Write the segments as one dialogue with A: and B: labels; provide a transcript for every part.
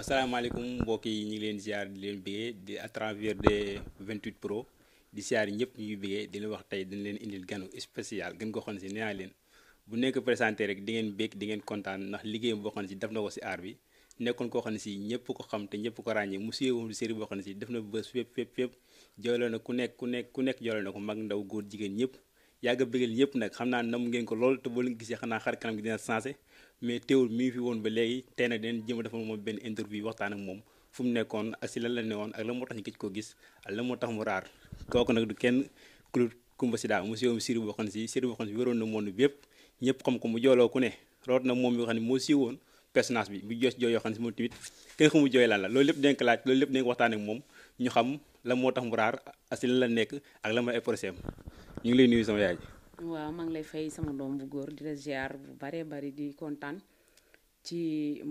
A: asalaamaaleykum mbokk yi ñu leen ziar di leen bëggee di à travers des 28 pro di ziar ñëpp ñuy bëggee di leen wax tey dañ leen indil ganu spécial gën ko xam si nee naa leen bu nekk présenté rek di ngeen bëgg di ngeen kontaan ndax liggéey boo xam ne si def na ko si aar bi nekkoon koo xam ne si ñëpp ko xam te ñëpp ko ràññee mu siiwee di série boo xam ne si def na bës fépp fépp fépp joole na ku nekk ku nekk ku nekk joole na ko mag ndaw góor jigéen ñëpp yàgg a bëggal ñëpp nag xam naa nam ngeen ko lool te boo leen gisee xar kanam gi mais teewul mi ngi fi woon ba léegi tey nag dinañ jëm a defal moom benn interview waxtaan ak moom fu mu nekkoon ak si lan la newoon ak moo tax ñu gëj ko gis ak la kenn Claude Coumba Sida mu siiwoon boo xam ne si Siri boo xam na monde bi yëpp ñëpp xam ko mu jooloo ku ne moo siiwoon personnage bi bu joos jooy yoo xam ne si moom tamit kenn laaj loolu lépp dinañ ko waxtaan ak moom ñu xam la moo tax mu raar ak si la nekk ak la ma ay ñu ngi lay nuyu sama yaay
B: waaw maa ngi lay fay sama doom bu góor di la ziar bu baree bari di kontaan ci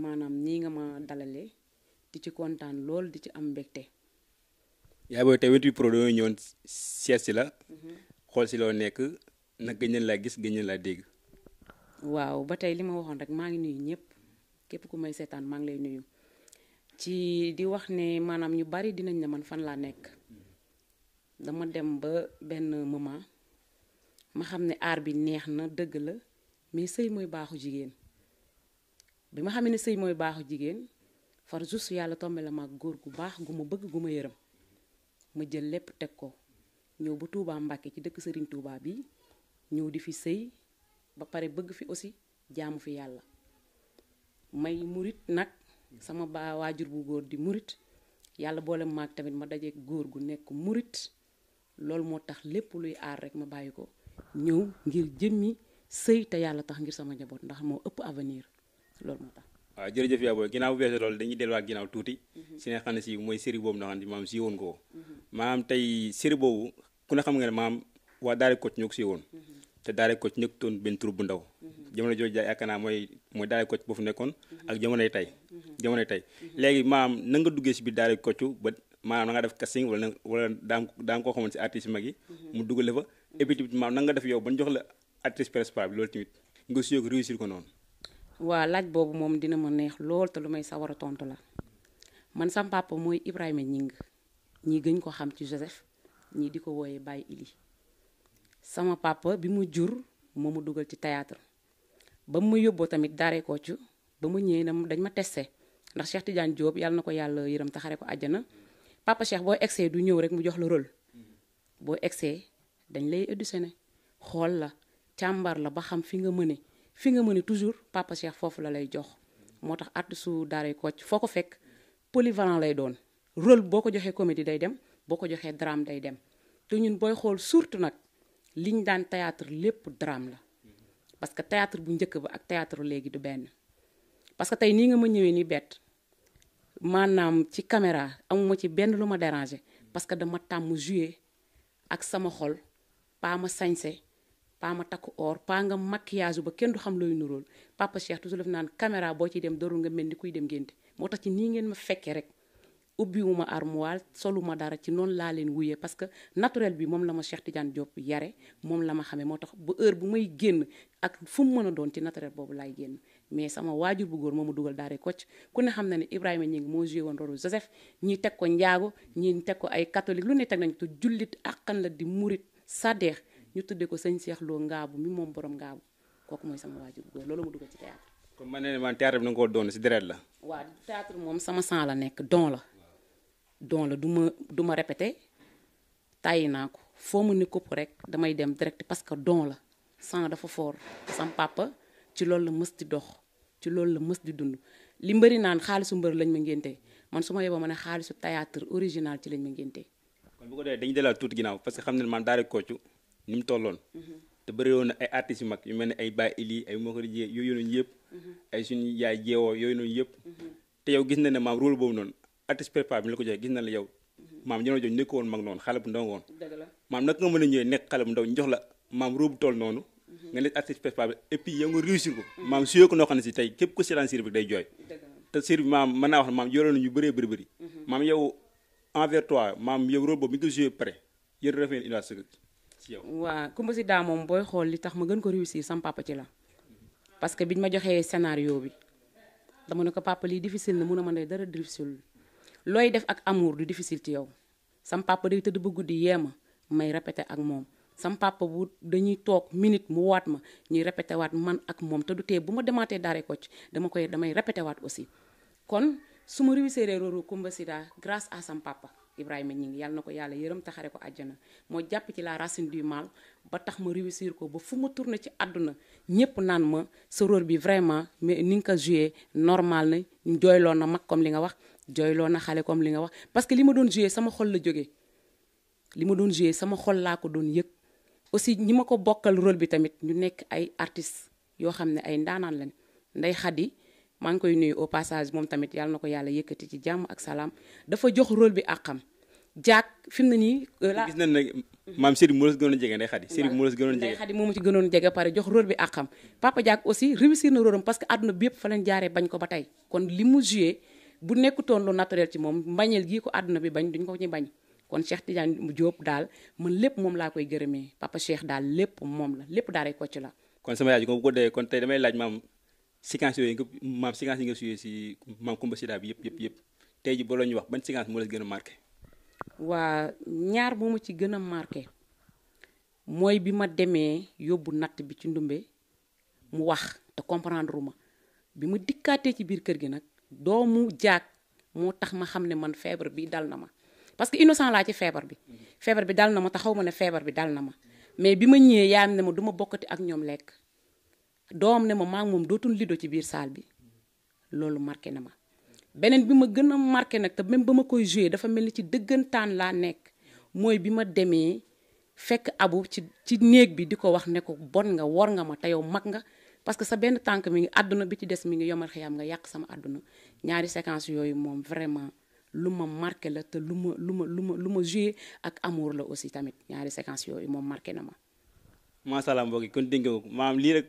B: maanaam nii nga ma dalale di ci kontaan lool di ci am mbégte.
A: yaa booy tey 28 Pro dañoo ñëwoon seet si la. Mhm. xool si loo nekk nag gëj nañ laa gis gëj nañ laa dégg.
B: waaw ba tey li ma waxoon rek maa ngi nuyu ñëpp képp ku may seetaan maa ngi lay nuyu ci di wax ne maanaam ñu bari dinañ ne man fan laa nekk mm. dama dem ba benn moment. ma xam ne aar bi neex na dëgg la mais sëy mooy baaxu jigéen bi ma xamee ne sëy mooy baaxu jigéen far juste yàlla tombe la mag góor gu baax gu ma bëgg gu ma yërëm ma jël lépp teg ko ñëw ba Touba Mbàkke ci dëkk sëriñ Touba bi ñëw di fi sëy ba pare bëgg fi aussi jaamu fi yàlla may murit nag sama baa waajur bu góor di murit yàlla boole maag tamit ma daje góor gu nekk murit loolu moo tax lépp luy aar rek ma bàyyi ko
A: ñëw ngir
B: jëmmi sëy te yàlla tax ngir sama njaboot ndax moo ëpp avenir loolu moo tax
A: waaw jërëjëf yaa booy ginnaaw bu weesoo loolu dañuy delluwaat ginnaaw tuuti si nga xam ne si mooy série boobu nga xam ne maam si woon ko maam tey série boobu ku ne xam nga ne maam waa daare Kocc ñoo ko si woon te daare Kocc nekkutoon benn tur bu ndaw jamono jooju daal yaakaar naa mooy mooy daare Kocc fu nekkoon ak jamonoy tey jamonoy tey léegi maam na nga duggee si biir daal Kocc ba maanaam na nga wala wala daam daam koo si artiste mag yi mu et puis tamit maam nan nga def yow ba ñu jox la actrice principale bi loolu tamit nga suyoo ko réussir ko noonu.
B: waaw laaj boobu moom dina ma neex lool te lu may sawar a tontu la man sam papa mooy Ibrahima Ñing ñii gën ko xam ci Joseph ñii di ko wooyee Baye Ili sama papa bi mu jur moo mu dugal ci théâtre ba mu ma yóbboo tamit daaree kocc ba mu ñëwee na dañ ma teste ndax Cheikh Tidiane Diop yàlla na ko yàlla yërëm taxare ko àjjana papa Cheikh boo egsee du ñëw rek mu jox la rôle boo egsee dañ lay auditionné xool la càmbar la ba xam fi nga mëne fi nga mëne toujours papa Cheikh foofu la lay jox moo tax artiste su daaray Kocc foo ko fekk polyvalent lay doon rôle boo ko joxee comédie day dem boo ko joxee drame day dem te ñun booy xool surtout nag liñ daan théâtre lépp drame la parce que théâtre bu njëkk ba ak théâtre léegi du benn parce que tey nii nga ma ñëwee ni bett maanaam ci caméra amuma ci benn lu ma déranger parce que dama tàmm jouer ak sama xol paa ma sañse paa ma takk or paa nga maquillage ba kenn du xam looy nuróol papa Cheikh toujours daf naan caméra boo ciy dem dorul nga mel ni kuy dem ngénte moo tax ci nii ngeen ma fekkee rek ubbiwuma armoire soluma dara ci noonu laa leen wuyee parce que naturel bi moom la ma Cheikh Tidiane Diop yare moom la ma xame moo tax ba heure bu may génn ak fu mu mën a doon ci naturel boobu laay génn mais sama waajur bu góor moo ma dugal daare Kocc ku ne xam na ne Ibrahima ñi moo joué woon rôle Joseph ñi teg ko njaago ñi teg ko ay catholique lu ne teg nañ ko te jullit àqan di murit Sadex ñu tudde ko sëñ Cheikh Lo Ngaabu mi moom borom Ngaabu kooku mooy sama waajur góor loolu ma dugg ci
A: théâtre. kon man ne man théâtre bi na la.
B: waaw théâtre moom sama sang la nekk don la. don la du ma du ma répété tàyyi naa ko foo mu ne kopp rek damay dem direct parce que don la sang dafa fort sam ci loolu la mës di dox ci loolu la mës di dund li mbëri naan xaalisu mbër lañ ma ngénte man su ma yeboo ma ne xaalisu théâtre original ci lañ ma ngénte
A: kon bu ko defee dañu delaat tuuti ginnaaw parce que xam ne maam daara koccu ni mu tolloon te bëri woon na ay artistes yu mag yu mel ne ay Baye Ili ay Mokari Dieng yooyu noonu yëpp ay suñu yaay jeewoo yooyu noonu yëpp te yow gis na ne maam rôle boobu noonu artiste prépa la ko joxee na la yow maam ñono jooju nekk woon mag noonu xale bu ndaw woon maam naka nga mën a ñëwee nekk xale ndaw ñu jox la maam rôle bu noonu nga nekk artiste prépa bi et puis yow nga réussir ko xam ne si tey képp ko seetaan série bi day jooy te série bi maam mën naa wax ne maam yoroon nañu bëree bëri bëri uhuh. maam yow envers toi maam yow rôle bi mi ngi ko joué près yéen rafet nañu indaas ci
B: yow. waaw Coumba Sida moom booy xool li tax ma gën ko réussir sam ci la parce que biñ ma joxee scénario bi dama ne ko papa lii difficile na mun a mën a dara difficile looy def ak amour du difficile ci yow sam papa day tëdd ba guddi ma may répété ak moom. sam papa bu dañuy toog minute mu waat ma ñuy répété waat man ak moom te du tee bu ma demaatee daare ko dama koy damay répété waat aussi su ma réussir réeróoru Kumba Sida grâce à sam papa Ibrahima ñi ngi yàlla na ko yàlla yërëm taxare ko àjjana moo jàpp ci la racine du mal ba tax ma réussir ko ba fu ma tourné ci àdduna ñépp naan ma sa rôle bi vraiment mais ni nga ko joué normal na jooyloo na mag comme li nga wax jooyloo na xale li nga wax parce que li ma doon joué sama xol la jógee li ma doon joué sama xol laa ko doon yëg aussi ñi ma ko bokkal rôle bi tamit ñu nekk ay artistes yoo xam ne ay ndaanaan lañ nday xadi maa ngi koy nuyu au passage moom tamit yàlla na ko yàlla yëkkati ci jàmm ak salaam dafa jox role bi àqam jaak fi mu ne nii.
A: Euh, la gis nañ ne maam Serigne moo la gënoon moo la gënoon jege Ndeye
B: Khady moomu ci gënoon jege pare jox parce que àdduna bi fa leen jaaree bañ ko ba tey kon li bu nekkutoon lu naturel ci moom mbañeel gii ko àdduna bi bañ duñ ko ci bañ. kon Cheikh Tidiane Diop daal man lépp moom laa koy gërëmee papa Cheikh daal lépp moom la lépp daaray Kocc la.
A: kon sama yaay ko bu ko dee kon tey damay laaj maam séquence yooyu nga maam séquence yi nga suyee si maam Kumba yëpp yëpp yëpp tey ji la ñuy wax ban séquence moo la gën a marqué.
B: ñaar bu ma ci gën a marqué mooy bi ma demee yóbbu natt bi ci ndumbe mu wax te comprendre ma bi ma dikkaatee ci biir kër gi nag doomu jaag moo tax ma xam ne man feebar bi dal na ma parce que innocent laa ci feebar bi. Mm-hmm. feebar bi dal na ma te xaw ma ne feebar bi dal na ma mais bi ma ñëwee yaayam ne ma duma ma bokkati ak ñoom lekk. doom ne ma maa moom dootul lido ci biir saal bi loolu marqué na ma beneen bi ma gën a marqué nag te même ba ma koy joué dafa mel ni ci dëggantaan laa nekk mooy bi ma demee fekk abu ci ci néeg bi di ko wax ne ko bon nga wor nga ma te yow mag nga parce que sa benn tànk mi ngi àdduna bi ci des mi ngi yomal xiyam nga yàq sama àdduna ñaari séquence yooyu moom vraiment lu ma marqué la te lu ma lu ma lu ma lu ma joué ak amour la aussi tamit ñaari séquence yooyu moom marqué na ma
A: macha allah mbook yi kon dégg nga ko maanaam lii rek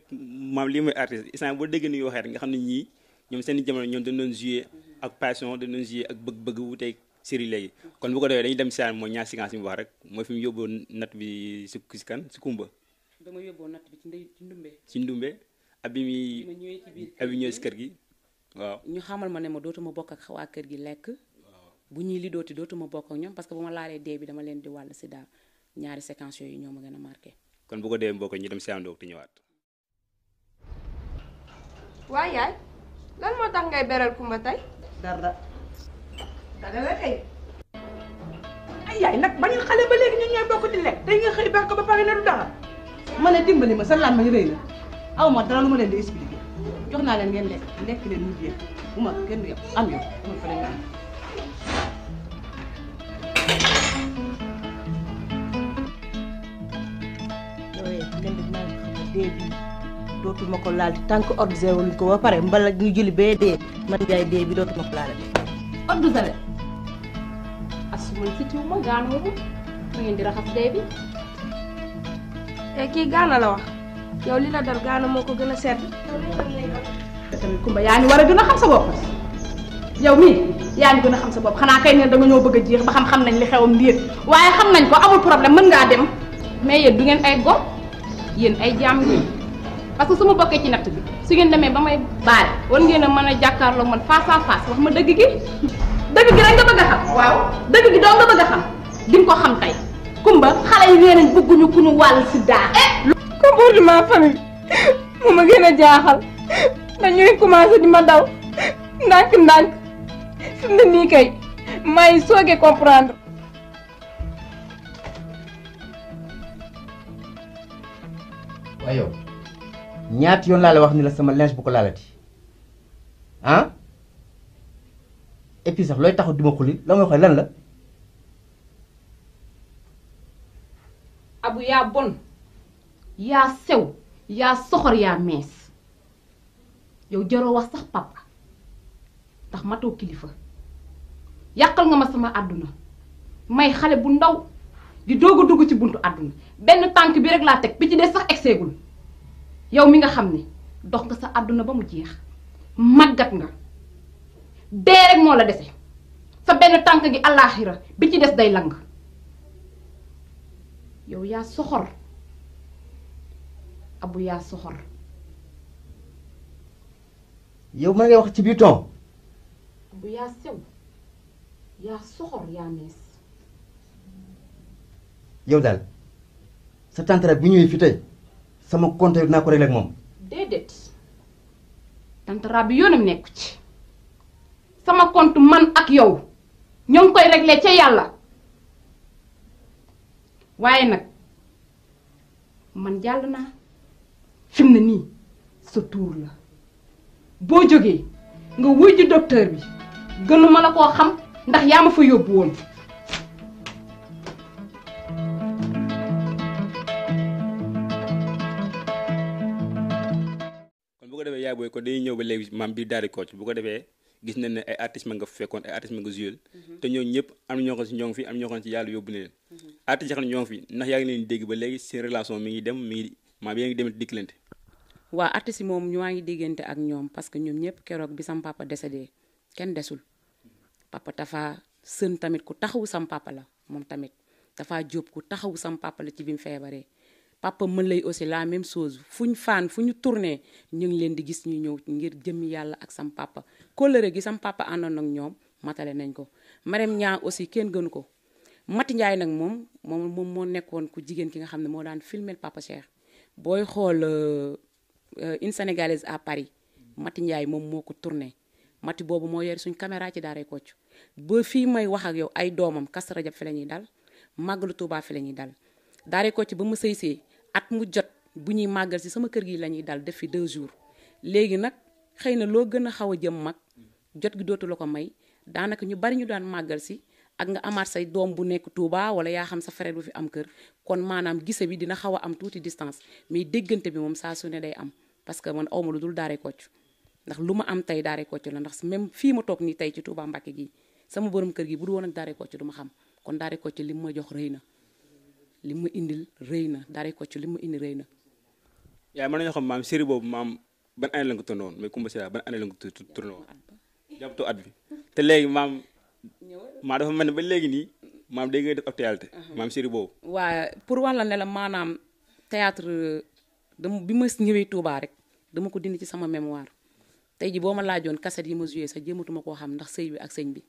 A: maam lii mooy artiste instant boo dégg ni waxee rek nga xam ne ñii ñoom seen jamono ñoom dañu doon jouer ak passion dañu doon jouer ak bëgg-bëgg wuuteeg série léegi kon bu ko defee dañuy dem si mooy ñaar séquence yi mu wax rek mooy fi mu yóbboo natt kan si Kumba.
B: dama yóbboo natt bi Ndumbe. ci
A: Ndumbe ab bi muy ab bi ñëwee kër gi
B: ñu xamal ma ne ma dootuma bokk ak waa kër gi lekk. bu ñuy li dooti dootuma bokk ak ñoom parce que bu ma laalee dee bi dama leen di wàll si daal ñaari séquence yooyu ñoo ma gën a marqué
A: kon bu ko dee mbokk ñu dem séenandoo di ñëwaat.
B: waaye yaay lan moo tax ngay beral kumba tey. dara dara la kay. ay nag ba xale ba léegi ñun ñooy bokk di lekk. tey nga xëy ba ko ba pare du dara. ma ne dimbali ma sa làmmiñ rëy na aw ma dara lu ma leen di expliquer jox naa leen ngeen lekk lekk leen ñu jeex ma kenn du yem am yow amul fa la ñu am. xewee leen di naan xam ne dee bi dootuma ko laal tant que organisé wuñ ko ba pare mbala ñu julli bee dee man jaay dee bi dootuma ko laal organisé asuma si tiw ma gaanu ma ma ngeen di raxas dee bi te eh, kii gaana la wax yow li la dal gaana moo ko gën a sedd tamit Kumba yaa ngi war a gën a xam sa bopp yow mii yaa ngi gën a xam sa bopp xanaa kay ne danga ñoo bëgg a jeex ba xam-xam nañ li xewam liir waaye xam nañ ko amul problème mën ngaa dem mais yéen du ngeen ay gor yéen ay jaam ngeen parce que su ma bokkee ci natt bi su ngeen demee ba may baal war ngeen a mën a jàkkaarloo man face wax ma dëgg gi dëgg gi rek nga bëgg a xam. waaw dëgg gi a xam di ko xam tey. Kumba xale yi nee nañ ku ñu wàll si daa. comportement eh! famille mu ma gën a jaaxal dañuy commencé di ma daw ndànk-ndànk fi mu ne nii kay may soogee comprendre.
A: ay yow ñaati yoon laa la wax ni la sama linge bu ko laalati ah et sax looy taxut di ma xuli la may xoolee lan la.
B: abu yaa bon yaa sew yaa soxor yaa mees yow jaroo wax sax papa ndax matoo kilifa yàqal nga ma sama àdduna may xale bu ndaw. di doog a dugg ci buntu àdduna benn tànk bi rek laa teg bi ci des sax egseegul yow mi nga xam ni dox nga sa àdduna ba mu jeex màggat nga dee rek moo la dese sa benn tànk gi àllaaxira bi ci des day lang yow yaa soxor abu yaa soxor
A: yow ma ngay wax ci biir ton
B: abu yaa yaa soxor yaa mees
A: yow daal sa tantara bu ñëwee fi tey sama compte dinaa ko réglé moom.
B: déedéet tantara bi yoonam nekku ci sama compte man ak yow ñoom ngi koy réglé ca yàlla waaye nag man jàll naa fi mu ne nii sa tuur la boo jógee nga wuy ji docteur bi gënuma la koo xam ndax yaa ma fa yóbbu woon.
A: yaay booy kon dañuy ñëw ba léegi maam biir daari kocc bu ko defee gis nañ ne ay artistes ma nga fekkoon ay artistes ma nga juyal mhm. te ñooñu ñëpp am ñoo xam si ñoo xam si yàlla yóbbu na leen mhm. artistes xam ne fi ndax yaa ngi leen dégg ba léegi seen relation mi ngi dem mi ngi maam yaa ngi dem dikkalante
B: waaw artistes yi moom ñuwaa ngi déggante ak ñoom parce ñoom ñëpp keroog bi sam papa décédé kenn desul papa Tafa sën tamit ku taxawu sam papa la moom tamit Tafa papa mën lay aussi la même chose fu ñu faan fu ñu tourné ñu ngi leen di gis ñu ñëw ngir jëmmi yàlla ak sam papa kóllëre gi sam papa àndoon ak ñoom matale nañ ko marem ñaa aussi kenn gënu ko Mati Ndiaye nag moom moom moom moo nekkoon ku jigéen ki nga xam ne moo daan filmer papa Cheikh booy xool euh, euh, une sénégalaise à Paris Mati Ndiaye moom moo ko tourné Mati boobu moo yor suñ caméra ci daaray Kocc ba fii may wax ak yow ay doomam Kazu Rajab fi la ñuy dal lu Tuubaa fi la ñuy dal at mu jot bu ñuy màggal si sama kër gi la ñuy dal def fi deux jours léegi nag xëy na loo gën a xaw a jëm mag jot gi dootu la ko may daanaka ñu bari ñu daan màggal si ak nga amaat say doom bu nekk tuubaa wala yaa xam sa frère bu fi am kër kon maanaam gise bi dina xaw a am tuuti distance mais déggante bi moom saa su ne day am parce que man aw ma lu dul Daaray Kocc ndax lu ma am tey Daaray Kocc la ndax même fii ma toog nii tey ci Touba Mbacké gi sama borom kër gi bu du woon ak Daaray Kocc du ma xam kon Daaray li mu ma jox rëy na li mu indil rëy na ko ci li mu indi rëy na.
A: yaay mën nañoo xam maam série boobu maam ban année la nga ko tourné woon mais Coumba Silla ban bi te léegi maam maa dafa mel ne ba léegi nii maam day ngay def actualité maam série boobu.
B: waaw pour wàll ne la maanaam théâtre dama bi ma ñëwee tuubaa rek dama ko dindi ci sama mémoire tey ji boo ma laajoon cassette yi ma joué sax jéematuma koo xam ndax sëy bi ak sëñ bi.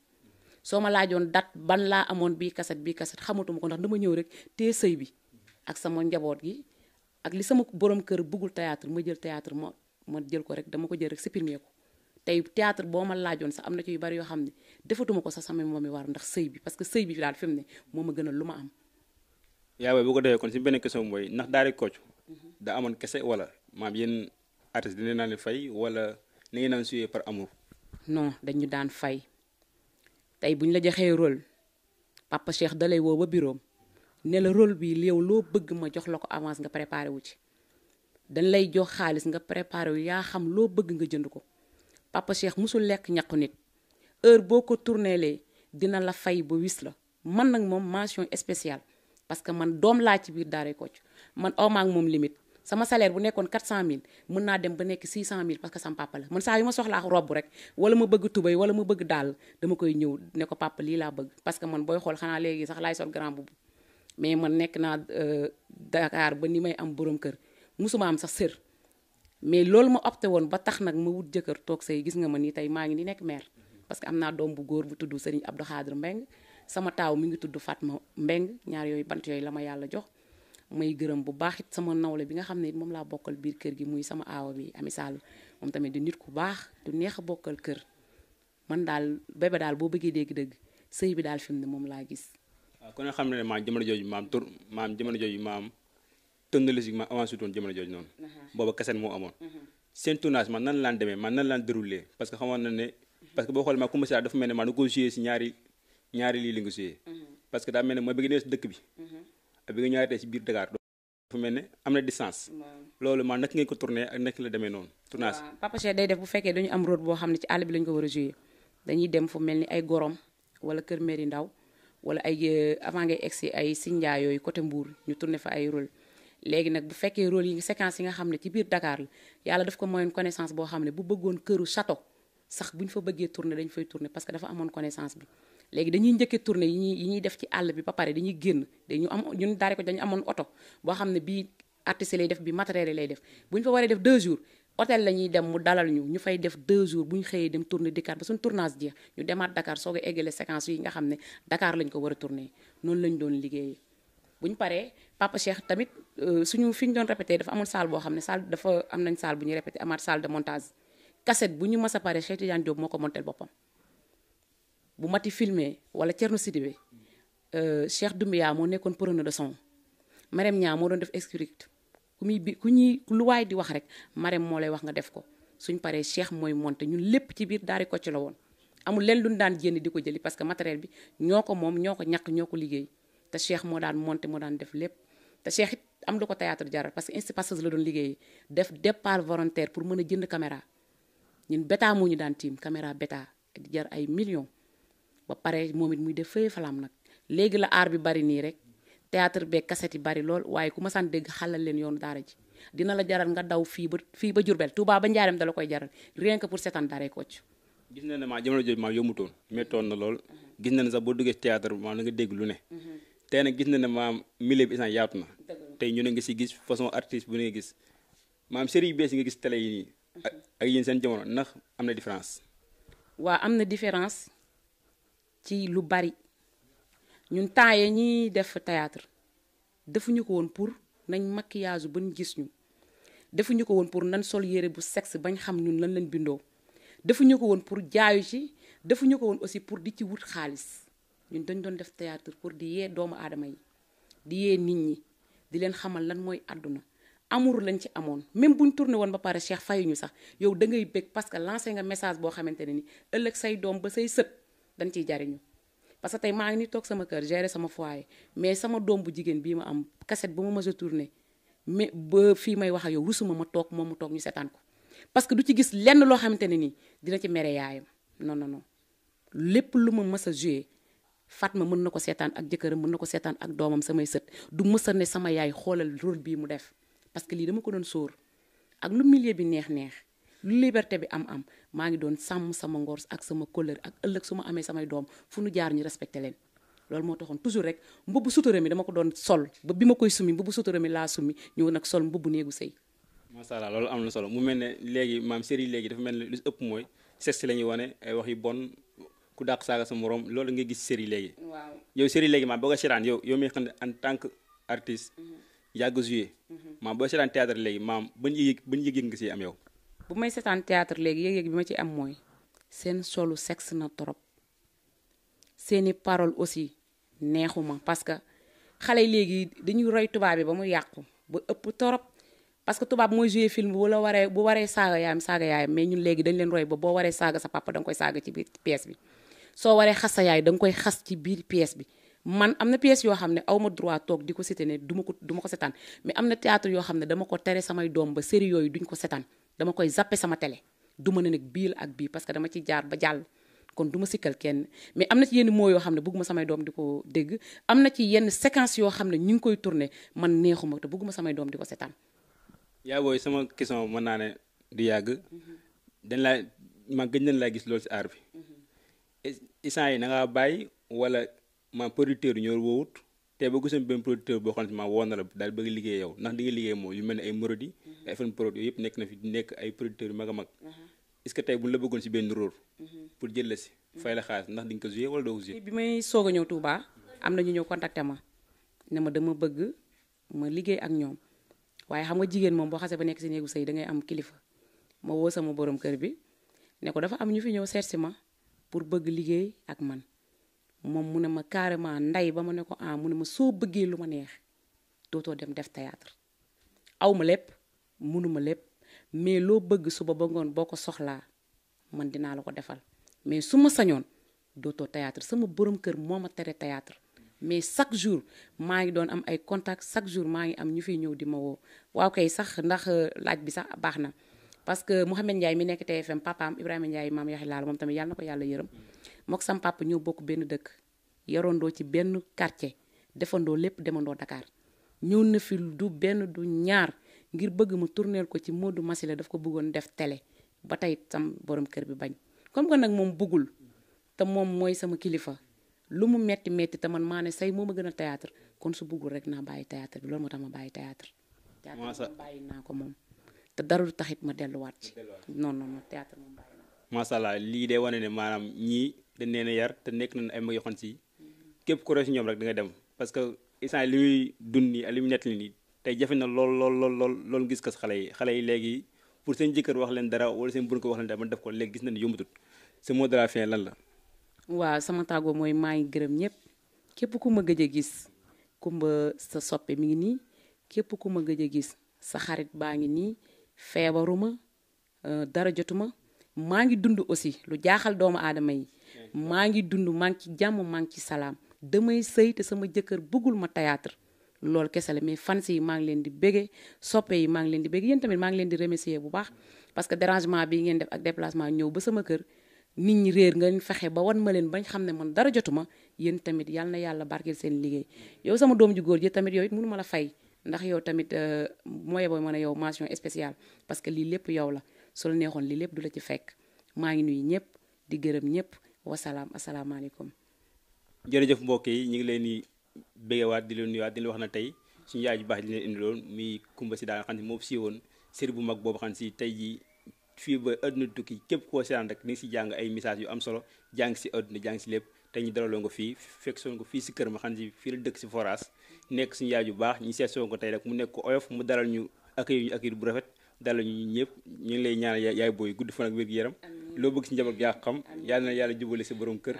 B: soo ma laajoon date ban laa amoon bii kaset bii kaset xamatuma ko ndax dama ñëw rek te sëy bi ak sama njaboot gi ak li sama borom kër buggul théâtre ma jël théâtre ma ma jël ko rek dama ko jël rek supprimer ko tey théâtre boo ma laajoon sax am na ci yu bari yoo xam ne defatuma ko sax sama moom i war ndax sëy bi parce que sëy bi daal fi mu ne moo ma gënal lu ma am.
A: yaa boo ko defee kon si beneen question mooy ndax Daaray Kocc mhm. da amoon kese wala maam yéen artistes dina naan fay wala ni ngeen naan suyee par amour.
B: non dañu daan fay tey bu ñu la joxee rôle papa Cheikh dalay woo ba biroom ne la rôle bi yow loo bëgg ma jox la ko avance nga préparé wu ci dañ lay jox xaalis nga préparé wu yaa xam loo bëgg nga jënd ko papa Cheikh musul lekk ñaqu nit heure boo ko tournélee dina la fay ba wis la man nag moom mention spéciale parce que man doom laa ci biir daaray Kocc man aw moom limite sama salaire bu nekkoon 400000 mën naa dem ba nekk 600000 parce que sama papa la man saa yu ma soxlaa robb rek wala ma bëgg tubay wala ma bëgg daal dama koy ñëw ne ko papa lii laa bëgg parce que man booy xool xanaa léegi sax laay sol grand boubou mais man nekk naa euh, Dakar ba ni may am borom kër musuma am sax sër mais loolu ma opté woon ba tax nag ma wut jëkkër toog say gis nga ma nii tey maa ngi ni nekk mère parce que am naa doom bu góor bu tudd Serigne Abdou Khadre Mbeng sama mi ngi tudd Fatma Mbeng ñaar yooyu bant yooyu la ma yàlla jox may gërëm bu baax it sama nawle bi nga xam ne it moom laa bokkal biir kër gi muy sama aawa bi Ami Sall moom tamit di nit ku baax du neex a bokkal kër man daal bébé daal boo bëggee dégg-dëgg sëy bi daal fi ne moom laa gis.
A: waaw ah, kon nga xam ne maam jamono jooju maam tur maam jamono jooju maam technologiquement avancé woon jamono jooju noonu. booba kaset moo amoon. seen tournage man nan laan demee man nan laan déroulé parce que xamoon na ne. parce que boo xoolee ma Coumba Sall dafa mel ne maa nu ko joué si ñaari ñaari lii li nga joué. parce que daa mel ne mooy bëgg dee dëkk bi. bi nga ñëwaatee ci biir Dakar dafa mel ne am na distance. loolu man naka ngeen ko tourné ak naka la demee noonu. tournage
B: Papa Cheikh day def bu fekkee dañu am route boo xam ne ci àll bi lañ ko war a joué dañuy dem fu mel ni ay Gorom wala Kër Mairie Ndaw wala ay euh, avant ngay egg si ay Sindia yooyu côté Mbour ñu tourné fa ay role léegi nag bu fekkee rôle yi séquence yi nga xam ne ci biir Dakar la yàlla daf ko mayoon connaissance boo xam ne bu bëggoon këru château sax bu ñu fa bëggee tourné dañ fay tourné parce que dafa amoon connaissance bi léegi dañuy njëkkee tournée yi ñu yi ñuy def ci àll bi ba pare dañuy génn dañu am ñun daari ko dañu amoon oto boo xam ne bii artiste lay def bi matériel lay def bu ñu fa waree def deux jours hôtel la ñuy dem mu dalal ñu ñu fay def deux jours bu ñu xëyee dem tourné Dakar ba suñu tournage jeex ñu demaat Dakar soog a eggale yi nga xam ne Dakar lañ ko war a tourné noonu lañ doon liggéeyee bu ñu paree Papa Cheikh tamit euh, suñu fi ñu doon répété dafa amul salle boo xam ne salle dafa am nañ salle bu ñuy répété amaat salle de montage cassette bu ñu mas a pare Cheikh Tidiane Diop moo ko montel boppam bu mati filmé wala Thierno Sidibé euh, Cheikh Doumbia moo nekkoon preneur de son Marème Niang moo doon def script ku bi ku ñuy lu waaye di wax rek Marème moo lay wax nga def ko suñ paree Cheikh mooy monté ñun lépp ci biir daari ko ci la woon amul leen luñ daan jénn di ko jëli parce que matériel bi ñoo ko moom ñoo ko ñàkk ñoo ko liggéey te Cheikh moo daan monté moo daan def lépp te Cheikh it am lu ko théâtre jaral parce que instipasseuse la doon liggéey def départ volontaire pour mën a jënd caméra ñun beta moo ñu daan tiim caméra beta di jar ay millions ba pare moom it muy def fëye falaam nag léegi la aar bi bari nii rek théâtre beeg cassette yi bari lool waaye ku ma san dégg xalal leen yoonu daara ji dina la jaral nga daw fii ba fii ba Jurbel Touba ba Njaareem da la koy jaral rien que pour seetaan daaray Kocc
A: gis na ne maa jamono jooju maa yombutoon méttoon na lool gis na ne sax boo duggee théâtre maa na nga dégg lu ne tey nag gis na ne maam milieu bi instant yaatu na tey ñu ne nga si gis façon artiste bu ne nga gis maam série yu bees yi nga gis télé na différence
B: waa am na ci lu bari ñun temps yi ñuy def théâtre defuñu ko woon pour nañ maquillage bañ gis ñu defuñu ko woon pour nan sol yére bu sexe bañ xam ñun lan lañ bindoo defuñu ko woon pour jaayu ci defuñu ko woon aussi pour di ci wut xaalis ñun dañ doon def théâtre pour di yee doomu aadama yi di yee nit ñi di leen xamal lan mooy àdduna amour lañ ci amoon même buñ tourné woon ba pare Cheikh fayuñu sax yow da ngay bëgg parce que lancé nga message boo xamante ne ni ëllëg say doom ba say sët dañ ciy jariñu parce que tey maa ngi ni toog sama kër gérer sama foyer mais sama doom bu jigéen bii ma am cassette bu ma mës a tourné mais ba fii may wax ak yow rusuma ma toog moom mu toog ñu setaan ko parce que du ci gis lenn loo xamante ne nii dina ci mere yaayam non non non lépp lu ma mës a joué ma mën na ko seetaan ak jëkkëram mën na ko seetaan ak doomam samay sët du mës a ne sama yaay xoolal rôle bii mu def parce que lii dama ko doon sóor ak lu millier bi neex-neex. liberté bi am am maa ngi doon sàmm sama ngors ak sama kóllëre ak ëllëg su ma amee samay doom fu nu jaar ñu respecté leen loolu moo taxoon toujours rek mbubu sutura mi dama ko doon sol ba bi ma koy sumi mbubu sutura mi laa sumi ñëw nag sol mbubu néegu sëy
A: macha allah loolu am na solo mu mel ne léegi maam série léegi dafa mel ne lu ëpp mooy sexe la ñuy wane ay wax yu bon ku dàq saaga sa morom loolu nga gis série léegi waaw yow série léegi maam boo ko seetaan yow yow xam ne en tant que artiste mhm. yàgg mhm. boo seetaan théâtre léegi maam ba ñu bañ yëg-yëg nga si am yow
B: bu may seetaan théâtre léegi yëg-yëg bi ma ci am mooy seen solu sexe na trop seeni parole aussi neexuma parce que xale léegi dañuy roy tubaab yi ba mu yàqu ba ëpp trop parce que tubaab mooy joué film bu la waree bu waree saaga yaayam saaga yaayam mais ñun léegi dañ leen roy ba boo waree saaga sa papa da nga koy saaga ci biir pièce bi soo waree xas sa yaay da koy xas ci biir pièce bi man am na pièce yoo xam ne awma droit toog di ko seetaan ne du ma ko du ma ko setaan mais am na théâtre yoo xam ne dama ko tere samay doom ba série yooyu duñ ko setaan dama koy zappe sama télé du ma ne nag bii la ak bii parce que dama ci jaar ba jàll kon duma ma sikkal kenn mais am na ci yenn moo yoo xam ne bëgguma samay doom di ko dégg am na ci yenn séquence yoo xam ne ñu ngi koy tourné man neexuma te bëgguma samay doom di ko setaan
A: yaa booy sama question mën naa ne du yàgg dañ laa ma gëj laa gis loolu si aar bi mhm. instant yi na ngaa bàyyi wala ma producteur yi ñoo woowut tey boo gisoon benn producteur boo xam ne maa woo na la daal bëgg liggéey yow ndax di nga liggéey moom yu mel ne ay Marodi mhm. ay FM Prod yooyu yëpp nekk na fi nekk ay producteurs yu mag a mag mhm. est tey bu mhm. ko joué wala doo
B: a ñëw Touba am ma ne ma bëgg ma liggéey ak ñoom waaye xam nga jigéen moom boo xasee ba nekk si néegu sëy da ngay am kilifa ma woo sama borom kër bi ne ko dafa am ñu fi ñëw seet si ma pour bëgg liggéey ak man moom mu ne ma carrément nday ba ma ne ko ah mu ne ma soo bëggee lu ma neex dootoo dem def théâtre awma lépp munuma lépp mais loo bëgg suba ba ngoon boo ko soxlaa man dinaa la ko defal mais su ma sañoon dootoo théâtre sama borom kër moo ma tere théâtre mais chaque jour maa ngi doon am ay contact chaque jour maa ngi am ñu fiy ñëw di ma woo waaw kay sax ndax euh, laaj bi sax baax na parce que Mouhamed Ndiaye mi nekk TFM papaam Ibrahima Ndiaye maam yaxi laal moom tamit yàlla na ko yàlla yërëm mook sam papa ñoo bokk benn dëkk yarondoo ci benn quartier defandoo lépp demandoo dakaar ñëw na fi du benn du ñaar ngir bëgg ma tourneel ko ci Modou Massilé daf ko bëggoon def télé ba tey sam borom kër bi bañ comme que nag moom bëggul te moom mooy sama kilifa lu mu metti metti te man maa ne say moo ma gën a kon su bëggul rek naa bàyyi théâtre bi loolu tax ma bàyyi théâtre théâtre bàyyi naa ko moom te dara du taxit ma delluwaat ci
A: lii de wane ne maanaam ñii dañ leen yar te nekk nañ ay mag yoo si képp ku roy ñoom rek di nga dem parce que instant li muy dund nii ak li muy nettali nii tey jafe na lool lool lool lool lool gis ko xale yi xale yi léegi pour seen jëkkër wax leen dara wala seen bur ko wax leen dara man def ko léegi gis na yombatul ce mot de la fin lan la.
B: waaw sama tàggoo mooy maa ngi gërëm ñëpp képp ku ma gëj a gis kumba sa soppe mi ngi nii képp ku ma gëj a gis sa xarit baa ngi nii feebaruma euh, dara jotuma maa ngi dund aussi lu jaaxal doomu aadama yi maa ngi dund maa ngi ci jàmm maa ngi ci salaam damay sëy te sama jëkkër bëggul ma théâtre loolu kese la mais fans yi maa ngi leen di bége soppe yi maa ngi leen di bége yéen tamit maa ngi leen di remercier bu baax parce que dérangement bi ngeen def ak déplacement ñëw ba sama kër nit ñi réer nga fexe ba wan ma leen bañ xam ne man dara jotuma yéen tamit yal na yàlla barkeel seen liggéey yow sama doom ju góor ji tamit yow it mënu ma la fay ndax yow tamit euh, mooy booy mën a yow mention spéciale parce que lii lépp yow la su neexoon lii lépp du la ci fekk maa ngi nuyu ñëpp di gërëm ñëpp wasalaam asalaamaaleykum.
A: jërëjëf mbokk yi ñu ngi leen di bégewaat di leen nuyuwaat di leen wax na tey suñu yaay ju baax di leen indiloon muy Kumba si daal xam si woon série bu mag boobu xam si tey jii fii ba àdduna tukki képp koo seetaan rek ni nga si jàng ay message yu am solo jàng si àdduna jàng si lépp tey ñu dalaloo nga fii fekk soon ko fii si kër ma xam si fii la dëkk si forage nekk suñu yaay ju baax ñu seet soon ko tey rek mu nekk ko oyof mu dalal ñu accueil ñu accueil bu rafet dala ñu ñëpp ñu ngi lay ñaan yaay booy gudd fan ak wér gu yaram loo bëgg si njaboot yaa xam yàlla na yàlla jubale si borom kër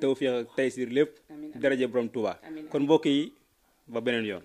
A: tawfiix ak taysir lépp daraje borom Tuubaa kon mbokk yi ba beneen yoon